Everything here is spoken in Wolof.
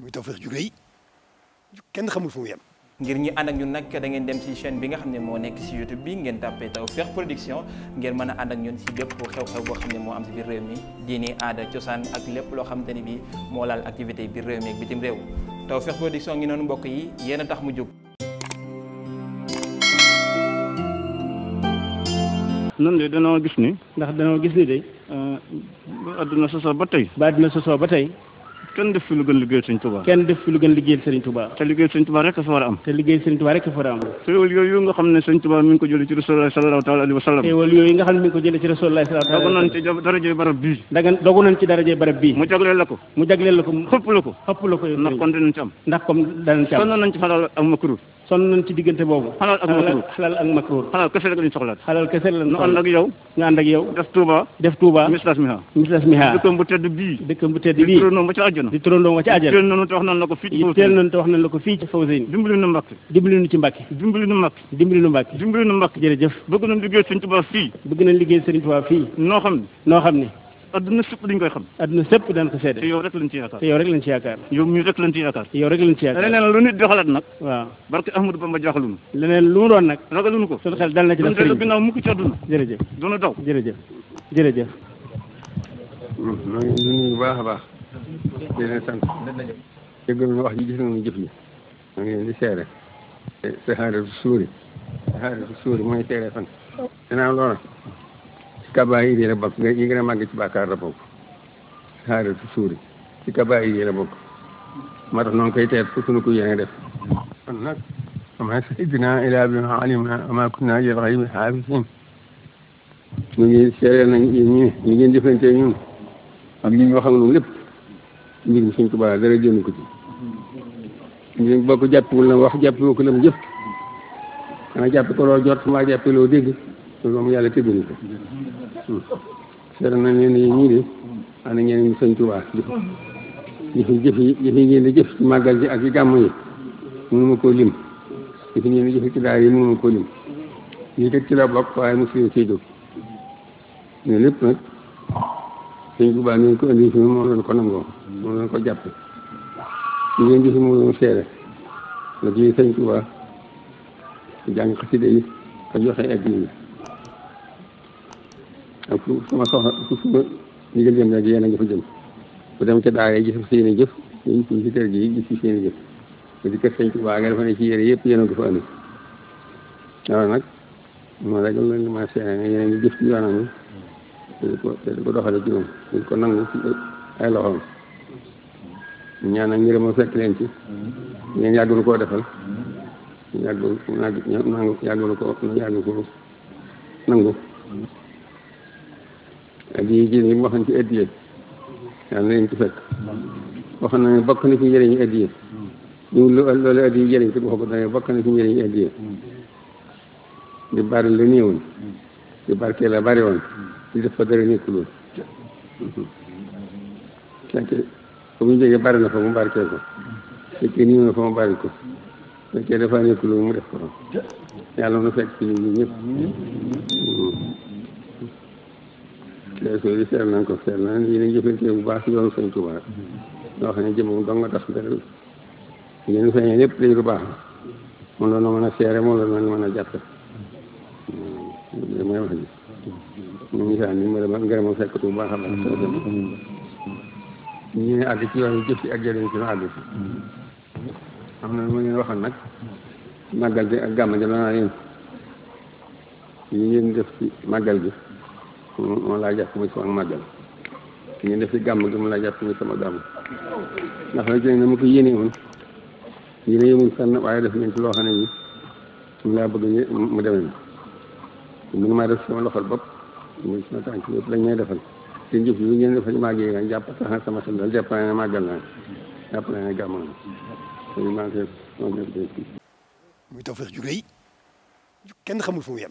muy Tawfekh ju rëy kenn xamul fu mu ngir ñi ànd ak ñun nag dangeen dem ci chaîne bi nga xam ne moo nekk ci YouTube bi ngeen tàppee Tawfekh Production ngeen mën a ànd ak ñun ci bépp xew-xew boo xam ne moo am ci biir réew mi diini aada cosaan ak lépp loo xamante ni bi moo laal activité biir réew mi ak bitim réew Tawfekh Production ngi noonu mbokk yi yéen tax mu jóg. noonu de danoo gis ni. ndax danoo gis ni de. Euh, ba àdduna sosoo ba tey. ba àdduna sosoo kenn def fi lu gën liggéey sëriñ Tuubaa kenn def fi lu gën liggéeyal sëriñ Tuubaa te liggéey sëriñ Tuubaa rek fa war a am te liggéey sëriñ Tuubaa rek fa war a am teewal yooyu nga xam ne sëriñ Tuubaa mi ngi ko jëlee ci Rasulullah sallallahu taala nañ ci darajee barab bii dagan dogu nañ ci darajee barab bii mu jagleel la ko mu jagleel la ko xëpp la ko xëpp la ko ndax kon dinañ ci am ndax comme danañ ci am sonn nañ sonn nañ ci diggante boobu. xalal ak makruur xalal ak makruur. xalal kese rek lañ soxla. xalal kese lañ soxla ñu ànd ak yow. ñu ànd ak yow def Touba. def Touba mislas miha. mislas miha dëkkam bu tedd bii. dëkkam bu tedd bii di turandoom ba ci àjjana. di turandoom ba ci àjjana. teel nañu te wax nañ la ko fii. ci teel nañu te wax nañ la ko fii ci Fawzeyni. dimbali nu Mbàkke. dimbali nu ci Mbàkke. dimbali nu Mbàkke. dimbali nu Mbàkke. dimbali nu Mbàkke jërëjëf. bëgg nañ liggéey Sëriñ Tuubaa fii. bëgg nañ liggéey Sëriñ Tuubaa fii. noo xam ne noo xam ne adduna sëpp dañ koy xam adduna sëpp dañ ko seede te yow rek lañ ci yaakaar te yow rek lañ ci yaakaar yow mii rek lañ ci yaakaar yow rek lañ ci yaakaar leneen lu nit di xalaat nag waaw barke Ahmadou Bamba jaaxalunu leneen lu mu doon nag ragaluñu ko suñu xel dal na ci def sëriñ ginnaaw mukk ci adduna jërëjëf duna daw jërëjëf jërëjëf maa ngi nuyu bu baax a baax di leen sant dégg wax ji gis nañu jëf yi maa ngi leen di seere sahaadatu suuri sahaadatu suuri mooy seere fan dinaa loola kabaayir yi la bokk nga yi gën a màgg ci bàkkaar la bokk xaaratu suuri ci kabaayir yi la bokk moo tax noonu koy teet fu sunu ko yéene def kon nag ama saydina ilaa bi ma alimna ama kunna lil ghaybi haafisin ñu ngi seere nañ ñu ñu ngeen jëflante ñun ak ñu ñu wax ak ñun lépp mbirum Sëñ Tuubaa dara jënd ko ci ñu bokk jàppul na wax jàppoo ko lam jëf xanaa jàpp ko loo jot maa jàppe loo dégg loolu moom yàlla tëgguñu ko seere nañ leen yéen ñii de ngeen ñu sëñ Tuubaa jëf yi jëf ngeen di jëf ci màggal ji ak ci gàmm yi mënuma koo lim jëf yi ngeen di jëf ci yi mënuma koo lim lii teg lépp nag sëñ Tuubaa ngeen ko ko ko jàppe li ngeen jëf moom leen seere nag lii sëñ jàng xasida yi ka joxe ak ak fu sama soxla fu ma ndigal jëm rek yéen a nga fa jëm bu dem ca daara yi gis seen jëf si kër gi i jëf bu di kër sëñ Tuubaa nga dafa ne ci yére yëpp yenn a ko fa andi loolu nag moo rek loolu ma seene ne yéen a ko doxale ci moom te di ko nangu ci ay fekk leen ci ngeen yàggul koo defal yàggul yàggul ko yàggul ko nangu addiya ji li mu waxoon ci addiya yàlla na leen ci fekk wax na ne bokk na ci njëriñu addiya ñu loolu addiya jëriñ ci bokk dane bokk na ci njëriñu addiya di bari la néewoon di barke la bari woon di def fa dara nekkul woon fekk bu ñu jógee bari na fa mu barkee ko fekkee néew na fa mu bari ko fekkee dafa nekkul woon mu def ko yàlla na fekk ci ñun ñëpp élection yi nañ ko seetlu nañ yéen a ngi jëfandikoo bu baax ci yoonu sëñ Touba loo xam ne jëmm dong nga tax dara yéen feeñee lépp day lu baax moom la ñu mën a seere moom mën a jàpp mooy wax ji ñu ni ma dama ngërëmam fekk bu baax a baax ñu ne àgg ci yoonu jëf ci ak jëriñ ci nu àgg ci am na lu ma leen waxoon nag màggal bi ak gàmm gi la naa yéen yi ngeen def ci màggal bi moom laa jàpp muy sama màggal ñu def ci gàmm gi moom laa jàpp muy sama gàmm ndax nag jëng na ma ko yéene woon yéene yëmul fenn waaye def nañ ci loo xam ne moom laa bëgg ñu mu demee mun maa def sama loxol bopp muy sama tànk yëpp lañ may defal te njëf yi ngeen defal màgg yi jàpp tax na sama xel daal jàpp naa ne màggal naa jàpp naa ne gàmm na muy tawfeex ju rëy kenn xamul fu mu yem